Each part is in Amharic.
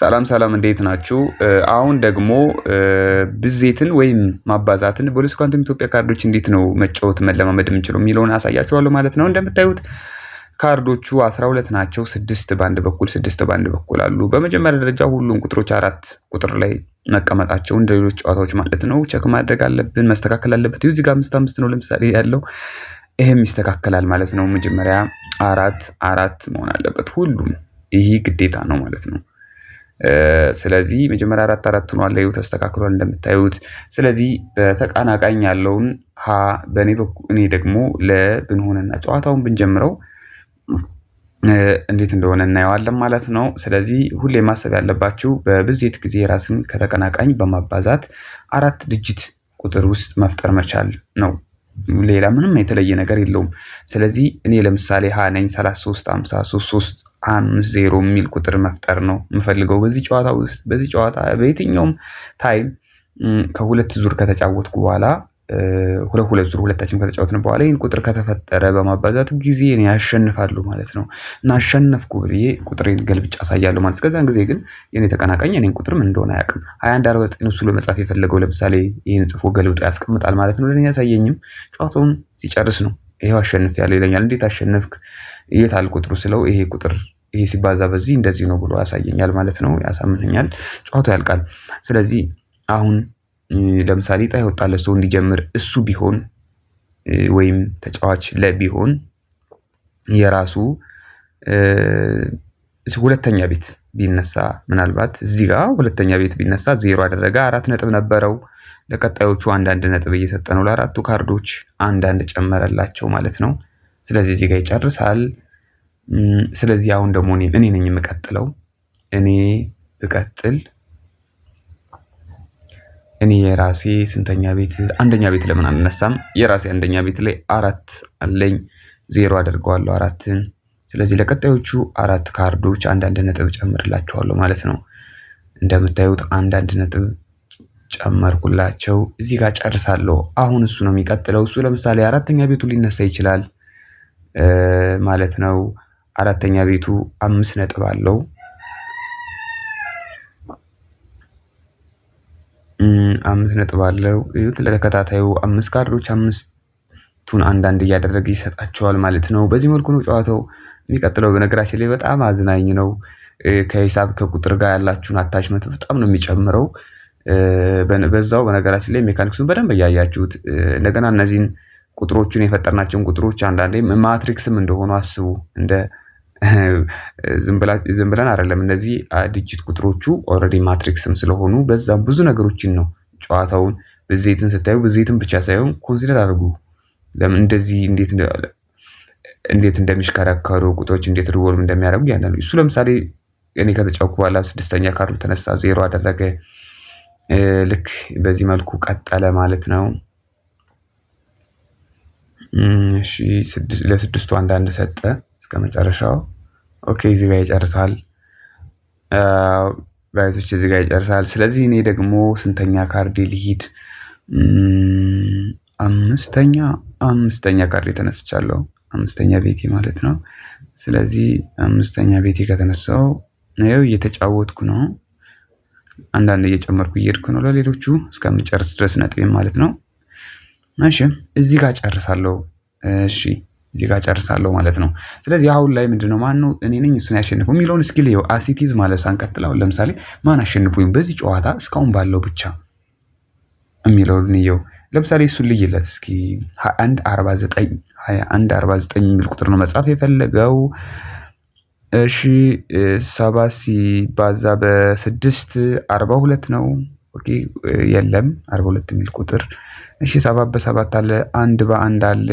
ሰላም ሰላም እንዴት ናችሁ? አሁን ደግሞ ብዜትን ወይም ማባዛትን በሁለቱ ኳንቱም ኢትዮጵያ ካርዶች እንዴት ነው መጫወት መለማመድ የምችለው የሚለውን አሳያችኋለሁ ማለት ነው። እንደምታዩት ካርዶቹ አስራ ሁለት ናቸው። ስድስት በአንድ በኩል ስድስት በአንድ በኩል አሉ። በመጀመሪያ ደረጃ ሁሉም ቁጥሮች አራት ቁጥር ላይ መቀመጣቸው እንደ ሌሎች ጨዋታዎች ማለት ነው ቸክ ማድረግ አለብን፣ መስተካከል አለበት። እዚህ ጋር አምስት አምስት ነው ለምሳሌ ያለው ይህም ይስተካከላል ማለት ነው። መጀመሪያ አራት አራት መሆን አለበት ሁሉም፣ ይህ ግዴታ ነው ማለት ነው። ስለዚህ መጀመሪያ አራት አራት ሆኗል። ዩ ተስተካክሏል እንደምታዩት። ስለዚህ በተቀናቃኝ ያለውን ሀ በእኔ እኔ ደግሞ ለ ጨዋታውን ብንጀምረው እንዴት እንደሆነ እናየዋለን ማለት ነው። ስለዚህ ሁሌ ማሰብ ያለባችሁ በብዜት ጊዜ ራስን ከተቀናቃኝ በማባዛት አራት ድጅት ቁጥር ውስጥ መፍጠር መቻል ነው። ሌላ ምንም የተለየ ነገር የለውም። ስለዚህ እኔ ለምሳሌ ሀ ነኝ 33 53 3 አምስት ዜሮ የሚል ቁጥር መፍጠር ነው የምፈልገው በዚህ ጨዋታ ውስጥ በዚህ ጨዋታ በየትኛውም ታይም ከሁለት ዙር ከተጫወትኩ በኋላ ሁለት ሁለት ዙር ሁለታችን ከተጫወትን በኋላ ይህን ቁጥር ከተፈጠረ በማባዛት ጊዜን ያሸንፋሉ ማለት ነው እና አሸነፍኩ ብዬ ቁጥር ገልብጭ አሳያለሁ ማለት እስከዛን ጊዜ ግን የኔ ተቀናቃኝ እኔን ቁጥርም እንደሆነ አያውቅም ሀያ አንድ አርባ ዘጠኝ እሱ ለመጻፍ የፈለገው ለምሳሌ ይህን ጽፎ ገልብጦ ያስቀምጣል ማለት ነው ለእኔ ያሳየኝም ጨዋታውን ሲጨርስ ነው ይሄው አሸንፍ ያለ ይለኛል እንዴት አሸነፍክ የት አል ቁጥሩ ስለው ይሄ ቁጥር ይሄ ሲባዛ በዚህ እንደዚህ ነው ብሎ ያሳየኛል ማለት ነው ያሳምነኛል ጨዋታው ያልቃል ስለዚህ አሁን ለምሳሌ ጣይ የወጣለት ሰው እንዲጀምር እሱ ቢሆን ወይም ተጫዋች ለቢሆን የራሱ ሁለተኛ ቤት ቢነሳ ምናልባት እዚህ ጋር ሁለተኛ ቤት ቢነሳ ዜሮ አደረገ። አራት ነጥብ ነበረው። ለቀጣዮቹ አንዳንድ ነጥብ እየሰጠ ነው። ለአራቱ ካርዶች አንዳንድ ጨመረላቸው ማለት ነው። ስለዚህ እዚህ ጋር ይጨርሳል። ስለዚህ አሁን ደግሞ እኔ ነኝ የምቀጥለው። እኔ ብቀጥል እኔ የራሴ ስንተኛ ቤት አንደኛ ቤት ለምን አልነሳም? የራሴ አንደኛ ቤት ላይ አራት አለኝ። ዜሮ አድርገዋለሁ አራትን። ስለዚህ ለቀጣዮቹ አራት ካርዶች አንዳንድ ነጥብ ጨምርላቸዋለሁ ማለት ነው። እንደምታዩት አንዳንድ ነጥብ ጨመርኩላቸው። እዚህ ጋር ጨርሳለሁ። አሁን እሱ ነው የሚቀጥለው። እሱ ለምሳሌ አራተኛ ቤቱ ሊነሳ ይችላል ማለት ነው። አራተኛ ቤቱ አምስት ነጥብ አለው። አምስት ነጥብ አለው። እዩት ለተከታታዩ አምስት ካርዶች አምስቱን አንዳንድ እያደረገ ይሰጣቸዋል ማለት ነው። በዚህ መልኩ ነው ጨዋታው የሚቀጥለው። በነገራችን ላይ በጣም አዝናኝ ነው። ከሂሳብ ከቁጥር ጋር ያላችሁን አታችመት በጣም ነው የሚጨምረው። በዛው በነገራችን ላይ ሜካኒክሱን በደንብ እያያችሁት እንደገና እነዚህን ቁጥሮቹን የፈጠርናቸውን ቁጥሮች አንዳንዴ ማትሪክስም እንደሆኑ አስቡ። እንደ ዝም ብለን አይደለም። እነዚህ ዲጂት ቁጥሮቹ ኦልሬዲ ማትሪክስም ስለሆኑ በዛም ብዙ ነገሮችን ነው ጨዋታውን ብዜትን ስታዩ ብዜትን ብቻ ሳይሆን ኮንሲደር አድርጉ። ለምን እንደዚህ እንዴት እንዴት እንደሚሽከረከሩ ቁጦች እንዴት ሪቮልቭ እንደሚያደርጉ ያንን እሱ ለምሳሌ እኔ ከተጫውኩ በኋላ ስድስተኛ ካርዱ ተነሳ፣ ዜሮ አደረገ። ልክ በዚህ መልኩ ቀጠለ ማለት ነው። እሺ ለስድስቱ አንዳንድ ሰጠ እስከ መጨረሻው። ኦኬ እዚህ ጋር ይጨርሳል። ቫይሶች እዚህ ጋር ይጨርሳል። ስለዚህ እኔ ደግሞ ስንተኛ ካርድ ልሂድ? አምስተኛ አምስተኛ ካርድ ተነስቻለሁ። አምስተኛ ቤቴ ማለት ነው። ስለዚህ አምስተኛ ቤቴ ከተነሳው ነው እየተጫወትኩ ነው። አንዳንድ እየጨመርኩ እየሄድኩ ነው ለሌሎቹ እስከምጨርስ ድረስ ነጥቤም ማለት ነው። እሺ እዚህ ጋር ጨርሳለሁ። እሺ እዚህ ጋር ጨርሳለሁ ማለት ነው። ስለዚህ አሁን ላይ ምንድነው ማን ነው እኔ ነኝ እሱን ያሸንፈው የሚለውን እስኪ ይኸው አሲቲዝ ማለት ሳንቀጥለው ለምሳሌ ማን አሸንፉኝ በዚህ ጨዋታ እስካሁን ባለው ብቻ የሚለውን ይኸው ለምሳሌ እሱን ልይለት እስኪ 21 49 21 49 የሚል ቁጥር ነው መጽሐፍ የፈለገው። እሺ ሰባ ሲባዛ በስድስት አርባ ሁለት ነው። ኦኬ የለም አርባ ሁለት የሚል ቁጥር እሺ፣ ሰባ በሰባት አለ፣ አንድ በአንድ አለ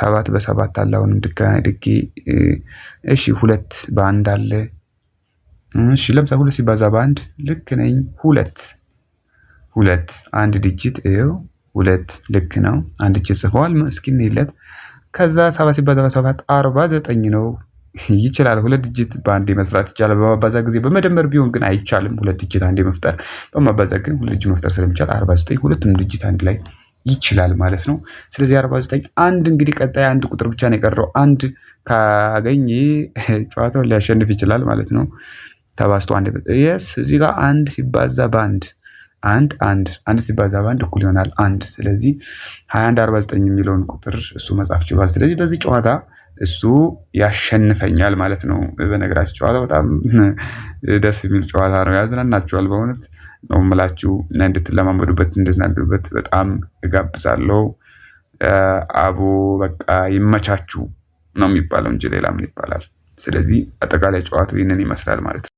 ሰባት በሰባት አለ። አሁንም ድጌ እሺ ሁለት በአንድ አለ። እሺ ለምሳሌ ሁለት ሲባዛ በአንድ ልክ ነኝ ሁለት ሁለት አንድ ዲጂት ይኸው ሁለት ልክ ነው። አንድ ዲጂት ጽፈዋል። እስኪ እንሂለት። ከዛ ሰባት ሲባዛ በሰባት አርባ ዘጠኝ ነው። ይችላል ሁለት ዲጂት በአንዴ መስራት ይቻላል። በማባዛ ጊዜ በመደመር ቢሆን ግን አይቻልም። ሁለት ዲጂት አንዴ መፍጠር፣ በማባዛ ግን ሁለት ዲጂት መፍጠር ስለሚቻል አርባ ዘጠኝ ሁለቱም ዲጂት አንድ ላይ ይችላል ማለት ነው። ስለዚህ 49 አንድ እንግዲህ ቀጣይ አንድ ቁጥር ብቻ ነው የቀረው። አንድ ካገኝ ጨዋታውን ሊያሸንፍ ይችላል ማለት ነው። ተባዝቶ አንድ የስ እዚህ ጋር አንድ ሲባዛ በአንድ አንድ አንድ አንድ ሲባዛ በአንድ እኩል ይሆናል አንድ። ስለዚህ 21 49 የሚለውን ቁጥር እሱ መጻፍ ችሏል። ስለዚህ በዚህ ጨዋታ እሱ ያሸንፈኛል ማለት ነው። በነገራችን ጨዋታ በጣም ደስ የሚል ጨዋታ ነው፣ ያዝናናችኋል በእውነት ነው የምላችሁ እና እንድትለማመዱበት እንድትዝናኑበት በጣም እጋብዛለሁ። አቦ በቃ ይመቻችሁ ነው የሚባለው እንጂ ሌላ ምን ይባላል? ስለዚህ አጠቃላይ ጨዋታው ይህንን ይመስላል ማለት ነው።